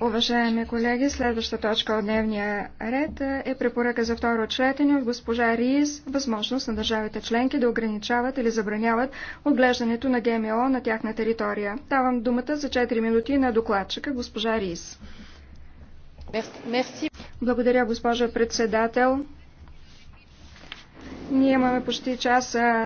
Уважаеми колеги, следваща точка от дневния ред е препоръка за второ четене от госпожа Риз, възможност на държавите членки да ограничават или забраняват отглеждането на ГМО на тяхна територия. Давам думата за 4 минути на докладчика госпожа Риз. Благодаря, госпожа председател. Ние имаме почти час